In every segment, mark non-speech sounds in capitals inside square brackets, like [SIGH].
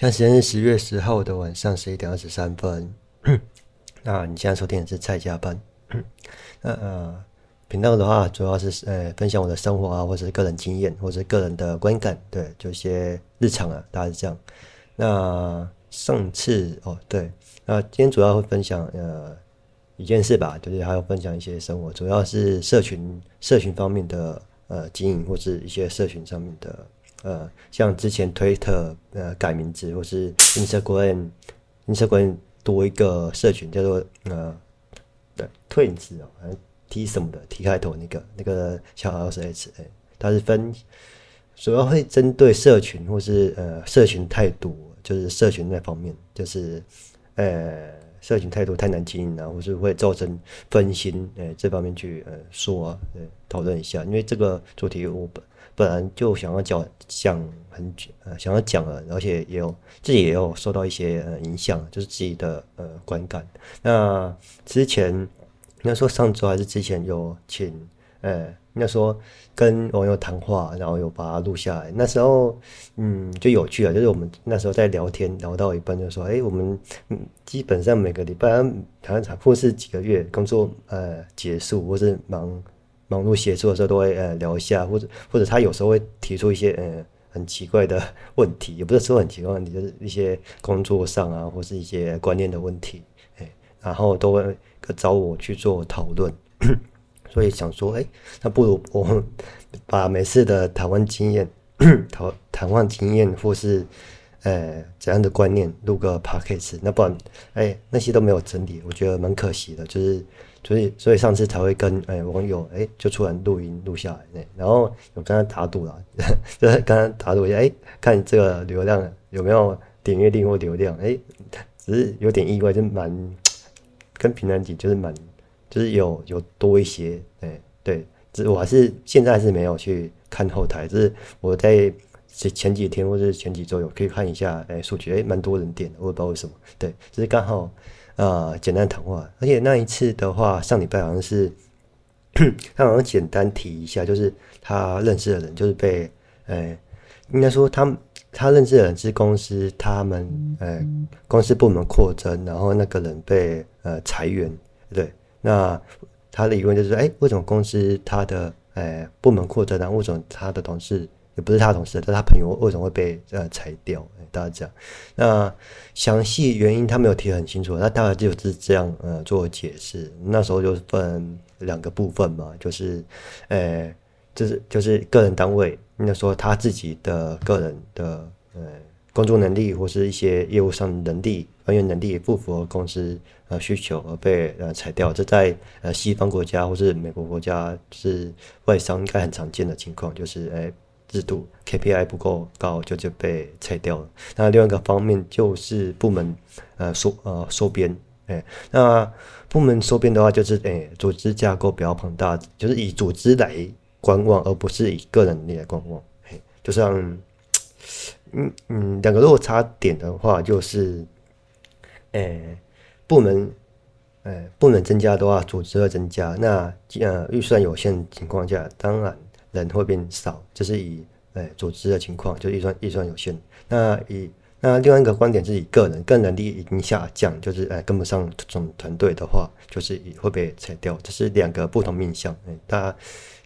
現在時間是十月十號的晚上十一點二十三分。 [COUGHS] 那你現在收聽的是蔡家班。 [COUGHS] 那呃頻道的話，主要是呃分享我的生活啊，或者是個人經驗，或者是個人的觀感，對，就一些日常啊，大概是這樣。那上次哦，對，那今天主要會分享呃一件事吧，就是還要分享一些生活，主要是社群社群方面的呃經營，或是一些社群上面的。呃，像之前推特呃，改名字，或是 Instagram, [COUGHS] Instagram Instagram 多一個社群叫做呃，對 Tins 哦，T 什麼的 T 開頭那個那個小 L H A，它是分主要會針對社群或是呃社群太多，就是社群那方面，就是呃社群太多太難經營，啊，或是會造成分心，哎、呃、這方面去呃說呃、啊、討論一下，因為這個主題我。本來就想要講講很久、呃，想要講了，而且也有自己也有受到一些、呃、影響，就是自己的呃觀感。那之前那時候上周還是之前有請呃，人家說跟網友談話，然後有把它錄下來。那時候嗯就有趣了，就是我們那時候在聊天，聊到一半就說：“哎，我們基本上每個禮拜，好像才不是幾個月工作呃結束，或是忙。”忙碌寫作的時候，都會呃聊一下，或者或者他有時候會提出一些呃很奇怪的問題，也不是說很奇怪問題，就是一些工作上啊，或是一些觀念的問題，哎、欸，然後都會找我去做討論。 [COUGHS] 所以想說，哎、欸，那不如我把每次的談話經驗、談話 [COUGHS] 經驗，或是呃、欸、怎樣的觀念錄個 podcast，那不然哎、欸、那些都沒有整理，我覺得蠻可惜的，就是。所以，所以上次才會跟哎、欸、網友哎、欸、就出來錄音錄下來哎、欸，然後我跟他打賭了，就剛剛打賭，哎、欸，看這個流量有沒有點閱量或流量，哎、欸，只是有點意外，就蠻跟平常幾，就是蠻就是有有多一些哎、欸，對，只是我還是現在是沒有去看後台，只、就是我在前前幾天或者是前幾週有可以看一下哎數、欸、據，哎、欸，蠻多人點的，我也不知道為什麼，對，只、就是剛好。呃、嗯，簡單談話，而且那一次的話，上禮拜好像是他好像簡單提一下，就是他認識的人就是被呃、哎，應該說他他認識的人是公司他們呃、哎、公司部門擴增，然後那個人被呃裁員，對，那他的疑問就是哎，為什麼公司他的呃、哎、部門擴增，然後為什麼他的同事也不是他同事，但他朋友為什麼會被呃裁掉？大家講，那詳細原因他沒有提很清楚，他大概就是這樣呃做解釋。那時候就分兩個部分嘛，就是呃、哎，就是就是個人單位，應該說他自己的個人的呃、哎、工作能力或是一些業務上能力、人、呃、員能力不符合公司呃需求而被呃裁掉。這在呃西方國家或是美國國家是外商應該很常見的情況，就是哎。制度 KPI 不夠高，就就被拆掉了。那另外一個方面就是部門呃收呃收編，誒、哎，那部門收編的話，就是誒、哎、組織架構比較龐大，就是以組織來觀望，而不是以個人力來觀望。誒、哎，就像嗯嗯，兩個落差點的話，就是哎，部門誒、哎、部門增加的話，組織會增加。那呃預算有限情況下，當然。人會變少，這是以誒、呃、組織的情況，就預算預算有限。那以那另外一個觀點是以個人個人利益已經下降，就是誒、呃、跟不上總團隊的話，就是以會被裁掉。這是兩個不同面向、呃，大家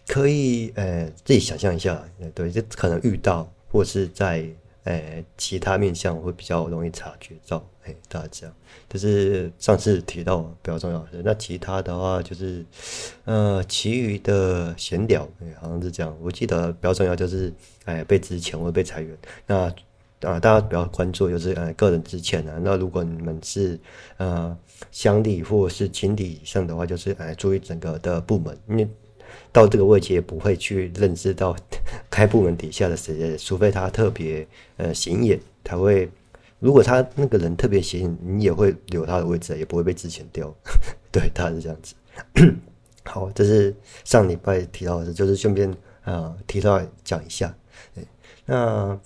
可以誒、呃、自己想象一下，呃、對，這可能遇到或是在。誒、哎，其他面相我會比較容易察覺到，誒、哎，大家，這樣，就是上次提到比較重要的。那其他的話就是，呃，其餘的閒聊，哎，好像是這樣，我記得比較重要就是，誒、哎，被資遣，會被裁員，那啊，呃，大家比較關注就是，呃、哎，個人資遣啊，那如果你們是呃，襄理或是經理以上的話，就是誒、哎，注意整個的部門，因為到這個位置也不會去認識到開部門底下的誰，除非他特別呃顯眼，才會，如果他那個人特別顯眼，你也會留他的位置，也不會被之前丟。 [LAUGHS] 對，他是這樣子。 [COUGHS] 好，這是上禮拜提到的，就是順便啊提到講一下。那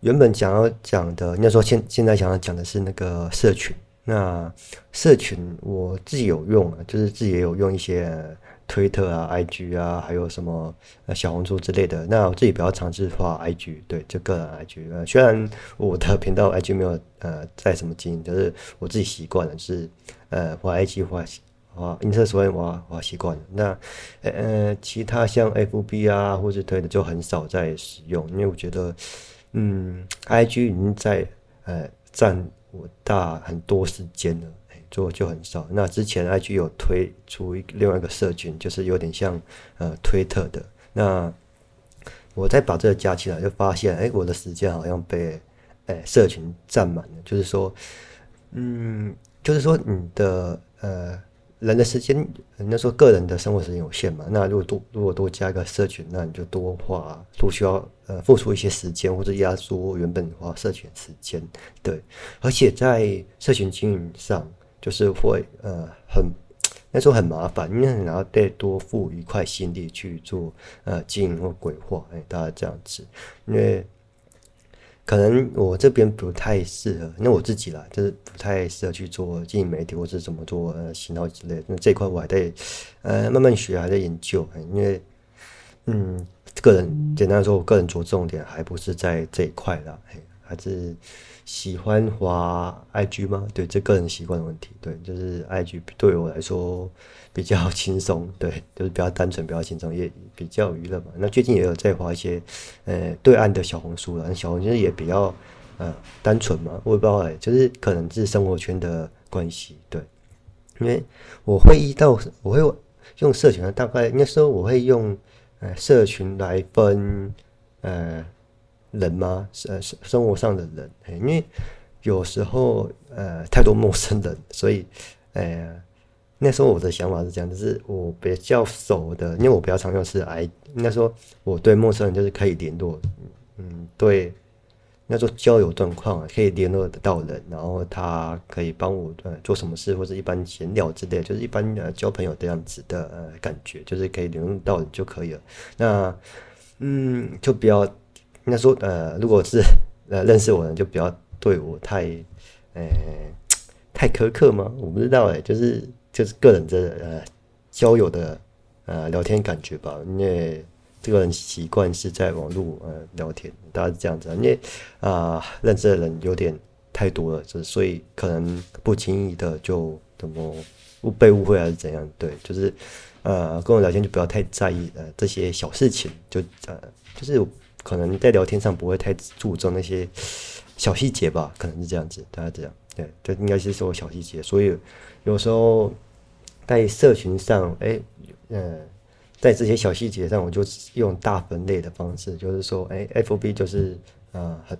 原本想要講的，應該說現現在想要講的是那個社群。那社群我自己有用啊，就是自己也有用一些。推特啊，IG 啊，還有什麼呃小紅書之類的。那我自己比較嘗試發 IG，對，就個人 IG、呃。雖然我的頻道 IG 沒有呃在什麼經營，但、就是我自己習慣了是呃畫 IG 發發，因此所以我我習慣了。那、欸、呃其他像 FB 啊或者推特就很少在使用，因為我覺得嗯 IG 已經在呃佔我大很多時間了。做就很少。那之前 IG 有推出一另外一個社群，就是有點像呃推特的。那我再把這個加起來，就發現哎、欸，我的時間好像被、欸、社群佔滿了。就是說，嗯，就是說你的呃人的時間，人家說個人的生活時間有限嘛。那如果多如果多加一個社群，那你就多花，多需要呃付出一些時間，或者壓縮原本花社群時間。對，而且在社群經營上。就是會呃很，那時候很麻煩，因為你要得多付一塊心力去做呃經營或規劃，誒、欸，大概這樣子。因為可能我這邊不太適合，那我自己啦，就是不太適合去做經營媒體或者是怎麼做行腦、呃、之類的。那這一塊我還得呃慢慢學，還在研究。欸、因為嗯，個人簡單來說，我個人着重點還不是在這一塊啦。欸還是喜歡滑 IG 嗎？對，這個人習慣的問題。對，就是 IG 對我來說比較輕鬆，對，就是比較單純，比較輕鬆，也比較娛樂嘛。那最近也有在滑一些呃對岸的小紅書了，那小紅書也比較呃單純嘛，我也不知道誒、欸，就是可能是生活圈的關係，對。因為我會遇到我會用社群，大概那時候我會用呃社群來分呃。人嗎？呃，生生活上的人，因為有時候呃太多陌生人，所以呃那時候我的想法是這樣，就是我比較熟的，因為我比較常用是 I，那時候我對陌生人就是可以聯絡，嗯，對，那時候交友狀況、啊、可以聯絡得到人，然後他可以幫我、呃、做什麼事或者一般閒聊之類，就是一般呃交朋友這樣子的、呃、感覺，就是可以聯絡到就可以了。那嗯就比較。應該說，呃，如果是呃認識我呢，就不要對我太，呃，太苛刻嗎？我不知道、欸，誒，就是就是個人、這個呃、的，呃交友的呃聊天感覺吧，因為這個人習慣是在網絡呃聊天，大概是這樣子、啊，因為啊、呃、認識的人有點太多了，就是、所以可能不經意的就怎麼誤被誤會還是怎樣，對，就是呃跟我聊天就不要太在意呃這些小事情，就呃就是。可能在聊天上不會太注重那些小細節吧，可能是這樣子，大家這樣，對，這應該是說小細節，所以有時候在社群上，哎，嗯、呃，在這些小細節上，我就用大分類的方式，就是說，哎，FOB 就是呃很，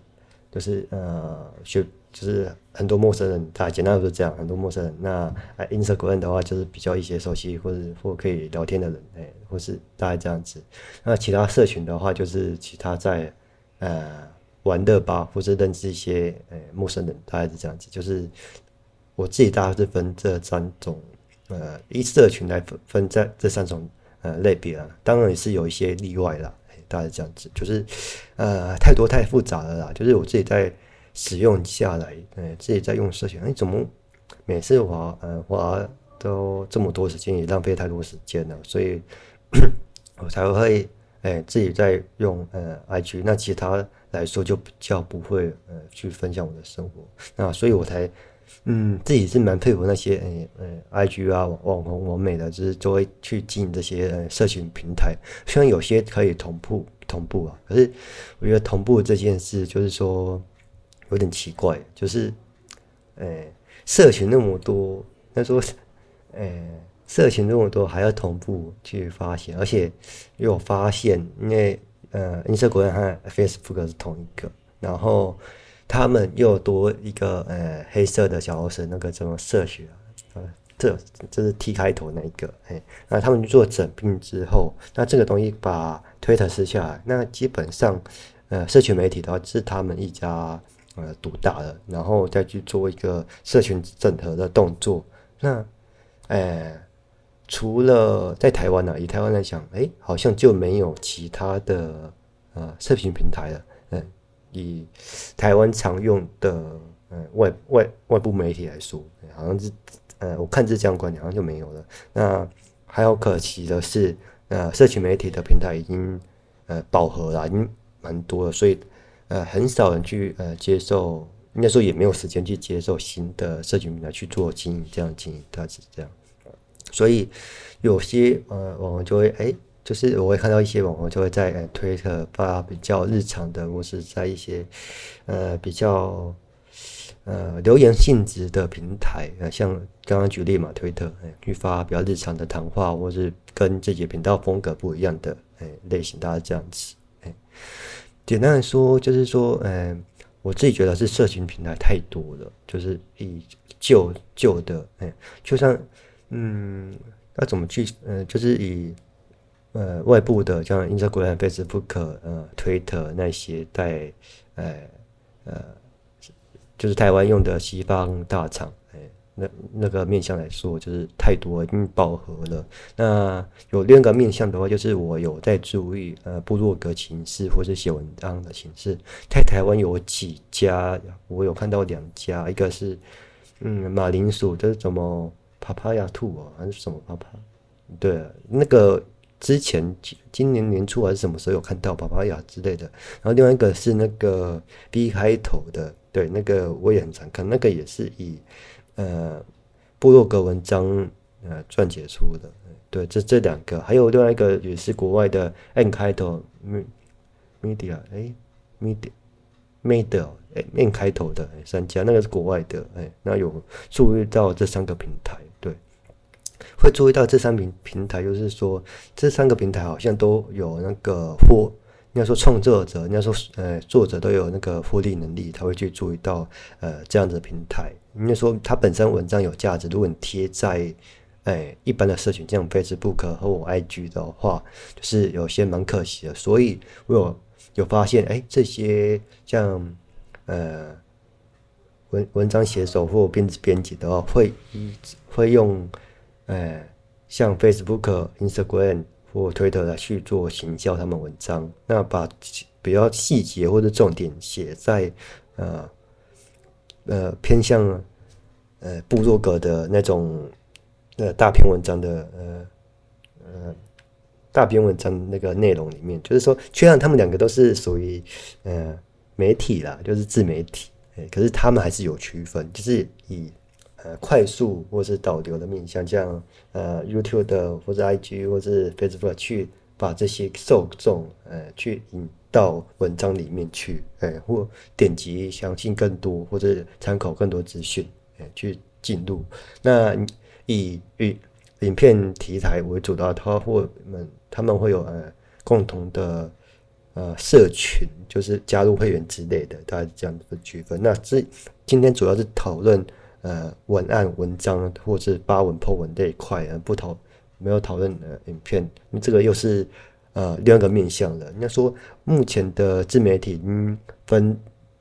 就是呃，學。就是很多陌生人，他簡單都是這樣。很多陌生人，那 Instagram 的話就是比較一些熟悉或者或可以聊天的人，哎、欸，或是大概這樣子。那其他社群的話，就是其他在呃玩樂吧，或是認識一些哎、欸、陌生人，大概是這樣子。就是我自己大概是分這三種呃，以社群來分分在這，這三種呃類別啊。當然也是有一些例外啦，大概這樣子，就是呃太多太複雜了啦。就是我自己在。使用下來，哎、呃，自己在用社群，你怎麼每次我呃我都這麼多時間，也浪費太多時間了，所以，我才會哎、呃、自己在用呃 IG。IG，那其他來說就比較不會呃去分享我的生活，那所以我才嗯自己是蠻佩服那些呃 IG 啊網紅網美的，就是作為去經營這些社群、呃、平台。雖然有些可以同步同步啊，可是我覺得同步這件事就是說，有點奇怪，就是，哎、欸，社群那麼多，那、就是、說，哎、欸，社群那麼多，還要同步去發現，而且又發現，因為呃，Instagram 和 Facebook 是同一個，然後他們又多一個呃，黑色的小猴子，那個什麼社群，呃，這這是 T 開頭那一個，哎、欸，那他們做整併之後，那這個東西把 Twitter 撕下來，那基本上，呃，社群媒體的話是他們一家。呃，賭大、嗯、了，然後再去做一個社群整合的動作。那，哎，除了在台灣呢、啊，以台灣來講，哎，好像就沒有其他的呃社群平台了。嗯，以台灣常用的嗯、呃、外外外部媒體來說，好像是呃，我看這樣觀點，好像就沒有了。那還有可惜的是，呃，社群媒體的平台已經呃飽和了，已經蠻多了，所以。呃，很少人去呃接受，那時候也沒有時間去接受新的社群平台去做經營，這樣經營大致是這樣。所以有些呃網紅就會哎、欸，就是我會看到一些網紅就會在、呃、推特發比較日常的，或是在一些呃比較呃留言性質的平台，呃像剛剛舉例嘛，推特、欸、去發比較日常的談話，或是跟自己的頻道風格不一樣的誒、欸、類型，大家這樣子誒。欸簡單的說，就是說，嗯、呃，我自己覺得是社群平台太多了，就是以舊舊的，嗯、欸，就像，嗯，那、啊、怎麼去，嗯、呃，就是以，呃，外部的，像 Instagram、呃、Facebook、呃，Twitter 那些在，哎、呃，呃，就是台灣用的西方大廠。那那個面向來說，就是太多，已經飽和了。那有另一個面向的話，就是我有在注意呃，部落格形式或者寫文章的形式。在台灣有幾家，我有看到兩家，一個是嗯，馬鈴薯，這、就是什麼？帕帕呀兔啊，還是什麼帕帕？Aya，對，那個之前今年年初還是什麼時候有看到帕帕呀之類的。然後另外一個是那個 B 開頭的，對，那個我也很常看，那個也是以。呃，部落格文章，呃，撰寫出的，對，這這兩個，還有另外一個也是國外的 ato，M 開頭，media，誒、欸、media、made 哎、欸、M 開頭的、欸、三家，那個是國外的，哎、欸，那有注意到這三個平台。對，會注意到這三個平平台，就是說，這三個平台好像都有那個貨。你要說，創作者，你要說，呃，作者都有那個獲利能力，他會去注意到呃，這樣子的平台。你要說，他本身文章有價值，如果你貼在，哎、呃，一般的社群，像 Facebook 和我 IG 的話，就是有些蠻可惜的。所以我有，有發現，哎，這些像，呃，文文章寫手或編編輯的話，會會用，哎、呃，像 Facebook、Instagram。我推特來去做行銷他們文章，那把比較細節或者重點寫在，呃呃偏向呃部落格的那種呃大篇文章的呃呃大篇文章那個內容裡面，就是說，雖然他們兩個都是屬於呃媒體啦，就是自媒體，可是他們還是有區分，就是以。呃，快速或是導流的面向，你像這樣，呃，YouTube 的或者 IG 或者 Facebook 去把這些受眾，呃，去引到文章裡面去，哎、呃，或點擊，相信更多或者參考更多資訊，哎、呃，去進入。那以影影片題材為主的話，或他或們他們會有、呃、共同的呃社群，就是加入會員之類的，大家這樣子區分。那這今天主要是討論。呃，文案、文章，或是八文、破文這一塊，嗯，不討沒有討論的、呃、影片，這個又是呃另一個面向了。人家說目前的自媒體、嗯、分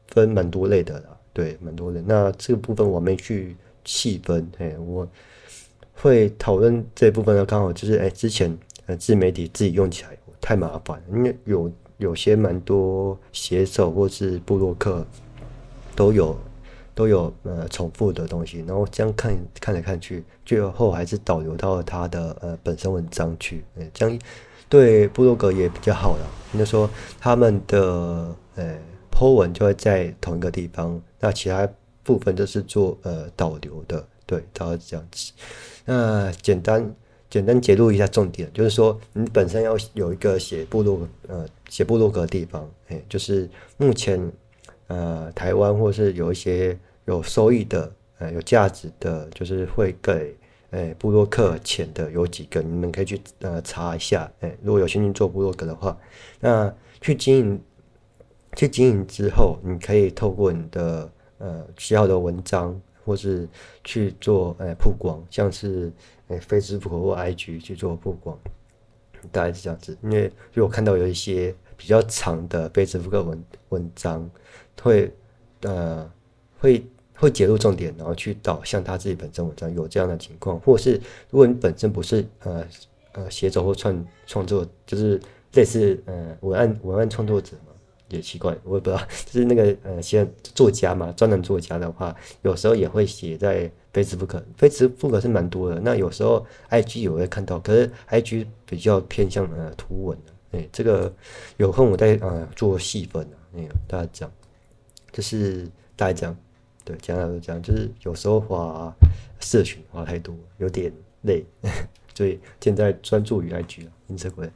分蠻多類的對，蠻多的，那這個部分我沒去細分，哎、欸，我會討論這部分呢，剛好就是哎、欸，之前呃自媒體自己用起來太麻煩了，因為有有些蠻多寫手或是部落客都有。都有呃重複的東西，然後這樣看看來看去，最後還是導流到了他的呃本身文章去，哎、欸，這樣對部落格也比較好了。就是、說他們的呃 po、欸、文就會在同一個地方，那其他部分都是做呃導流的，對，然後這樣子。那簡單簡單揭露一下重點，就是說你本身要有一個寫部落呃寫部落格的地方，哎、欸，就是目前。呃，台灣或是有一些有收益的，呃有價值的，就是會給呃部落客錢的有幾個，你們可以去呃查一下。哎、呃，如果有興趣做部落格的話，那去經營去經營之後，你可以透過你的呃需要的文章，或是去做呃曝光，像是呃 Facebook 或 IG 去做曝光，大概是這樣子。因為如果看到有一些比較長的 Facebook 文文章，會，呃，會會截入重點，然後去導向他自己本身文章有這樣的情況，或者是如果你本身不是呃呃寫作或創創作，就是類似呃文案文案創作者嘛，也奇怪，我也不知道，就是那個呃寫作家嘛，專欄作家的話，有時候也會寫在 Facebook Facebook 是蠻多的。那有時候 IG 也會看到，可是 IG 比較偏向呃圖文哎、啊，這個有空我再呃做細分啊，那個大家講。就是大家講，對，講到就講，就是有時候話、啊、社群話太多，有點累， [LAUGHS] 所以現在專注於來局 IG 因此會，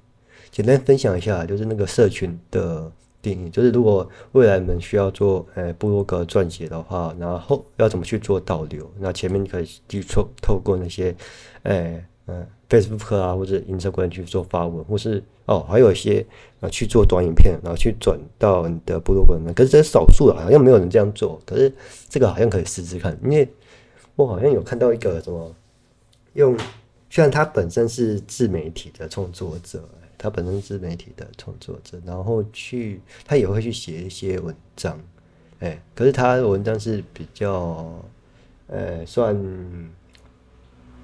[MUSIC] 簡單分享一下，就是那個社群的定義，就是如果未來們需要做，哎，部落格撰寫的話，然後要怎麼去做導流？那前面可以去透透過那些，哎，嗯。Facebook 啊，或者 Instagram 去做發文，或是哦，還有一些啊去做短影片，然後去轉到你的部落格。可是這少數啊，好像沒有人這樣做。可是這個好像可以試試看，因為我好像有看到一個什麼，用雖然他本身是自媒體的創作者，他本身是自媒體的創作者，然後去他也會去寫一些文章，哎，可是他文章是比較呃、哎、算。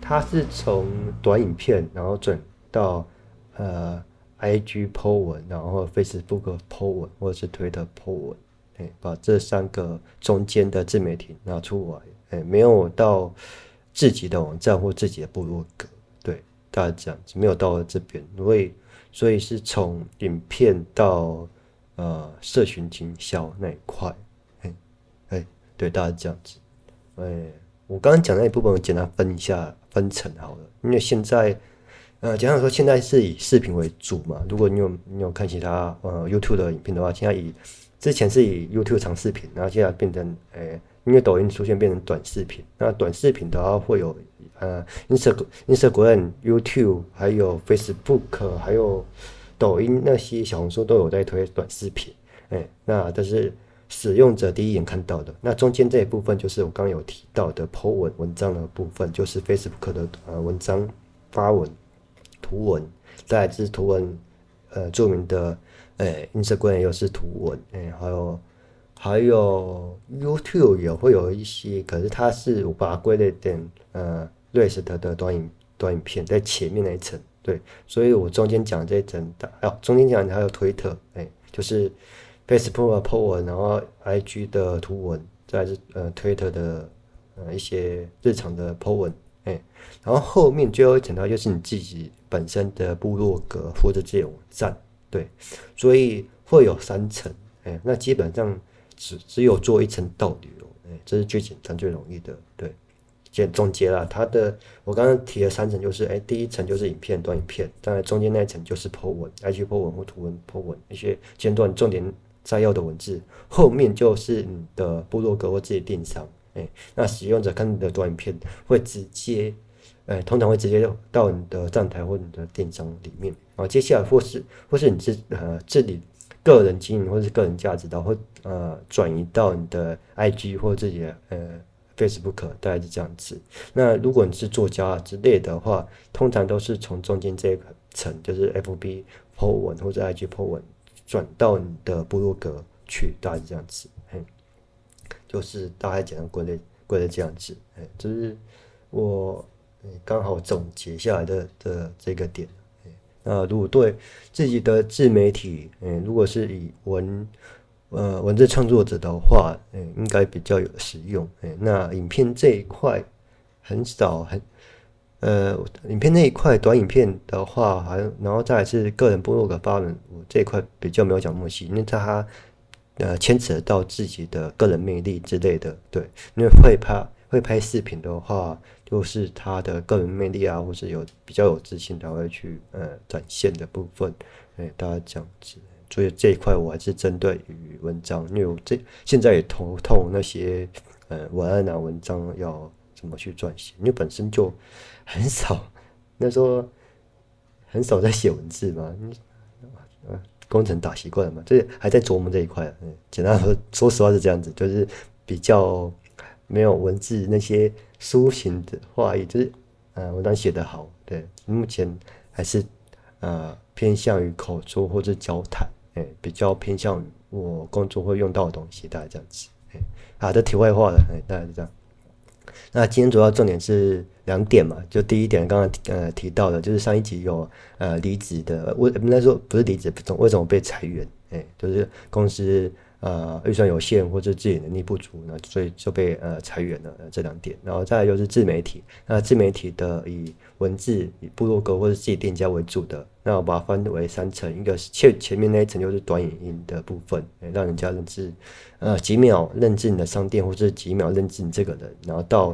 他是從短影片，然後轉到呃，IG Po 文，然後 Facebook Po 文，或者是推特 Po 文，哎、欸，把這三個中間的自媒體拿出來，哎、欸，沒有到自己的網站或自己的部落格，對，大家這樣子，沒有到這邊，所以所以是從影片到呃社群行銷那一塊，哎、欸、哎、欸，對，大家這樣子，哎、欸，我剛剛講那一部分，我簡單分一下。分層好了，因為現在，呃，假如說現在是以視頻為主嘛。如果你有你有看其他呃 YouTube 的影片的話，現在以之前是以 YouTube 長視頻，然後現在變成，哎、欸，因為抖音出現變成短視頻。那短視頻的話會有呃，Instagram, Instagram、YouTube 還有 Facebook 還有抖音那些小紅書都有在推短視頻，哎、欸，那但、就是。使用者第一眼看到的那中間這一部分，就是我剛剛有提到的 Po 文文章的部分，就是 Facebook 的呃文章發文圖文，再來就是圖文，呃著名的呃、欸、Instagram 又是圖文，哎、欸，還有還有 YouTube 也會有一些，可是它是我把它歸類在呃 latest 的短影短影片在前面那一層，對，所以我中間講這一層的，哦，中間講的還有推特，哎，就是。Facebook 的 po 文，然後 IG 的圖文，再是呃 Twitter 的呃一些日常的 po 文，哎，然後後面最後一層呢，就是你自己本身的部落格或者這種站，對，所以會有三層，哎，那基本上只只有做一層到底哦，哎，這是最簡單最容易的，對，簡總結了它的，我剛剛提的三層，就是哎，第一層就是影片、短影片，當然中間那一層就是 po 文，IG po 文或圖文 po 文一些間斷重點。摘要的文字後面就是你的部落格或自己的電商，誒，那使用者看你的短片會直接，哎，通常會直接到你的站台或你的電商裡面，然後接下來或是或是你是呃自己個人經營或者是個人價值的，會呃轉移到你的 IG 或自己的呃 Facebook，大概是這樣子。那如果你是作家之類的話，通常都是從中間這一個層，就是 FB PO 文或者 IG PO 文。轉到你的部落格去，大致這樣子嘿，就是大概講到國內國內這樣子，哎，這、就是我剛好總結下來的的這個點。那如果對自己的自媒體，嗯，如果是以文呃文字創作者的話，應該比較有實用。哎，那影片這一塊很少很。呃，影片那一塊，短影片的話，好像，然後再來是個人部落的發文，我這一塊比較沒有講那麼細，因為他呃，牽扯到自己的個人魅力之類的，對，因為會拍會拍視頻的話，就是他的個人魅力啊，或是有比較有自信才會去呃展現的部分，哎、呃，大家這樣子，所以這一塊我還是針對於文章，因為這現在也頭痛那些呃文案啊、文章要怎麼去撰寫，因為本身就。很少，那時候很少在寫文字嘛，嗯，工程打習慣了嘛，就是還在琢磨這一塊。嗯，簡單來說，說實話是這樣子，就是比較沒有文字那些抒情的話，也就是嗯，文章寫得好，對，目前還是、呃、偏向於口述或者交談，哎、欸，比較偏向於我工作會用到的東西，大概這樣子，哎、欸，好、啊、的，題外話了，哎、欸，大概是這樣。那今天主要重點是兩點嘛，就第一點剛剛呃提到的，就是上一集有呃離職的，為那時候不是離職，總為什麼被裁員？哎，就是公司。呃，預算有限或者自己能力不足呢，所以就被呃裁員了，呃，這兩點。然後再來就是自媒體。那自媒體的以文字、以部落格或者自己店家為主的，那我把它分為三層。一個前前面那一層就是短影音的部分，讓人家認知，呃，幾秒認知你的商店，或者幾秒認知你這個人。然後到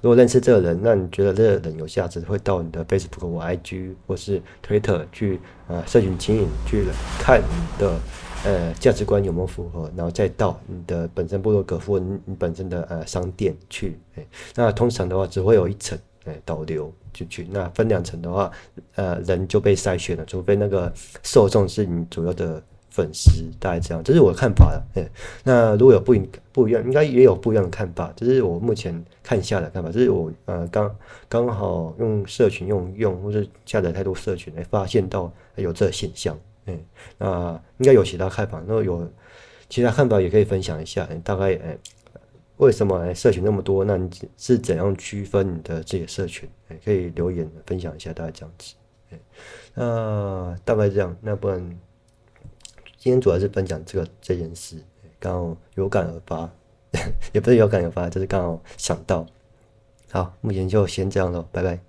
如果認識這個人，那你覺得這個人有價值，會到你的 Facebook、IG 或是 Twitter 去呃社群經營去看你的。呃，價值觀有沒有符合，然後再到你的本身部落格或你本身的呃商店去。欸，那通常的話只會有一層哎，欸、導流進去，那分兩層的話，呃，人就被篩選了，除非那個受眾是你主要的粉絲，大概這樣，這是我的看法哎，欸，那如果有不不一樣，應該也有不一樣的看法，這是我目前看下的看法，這是我呃剛剛好用社群用用，或是下載太多社群來、欸、發現到有這現象。嗯、哎，那應該有其他看法，那有其他看法也可以分享一下。哎、大概哎，為什麼社群那麼多？那你是怎樣區分你的這些社群？哎，可以留言分享一下，大概這樣子。哎，那大概這樣。那不然今天主要是分享這個這件事，剛好有感而發，呵呵，也不是有感而發，就是剛好想到。好，目前就先這樣嘍，拜拜。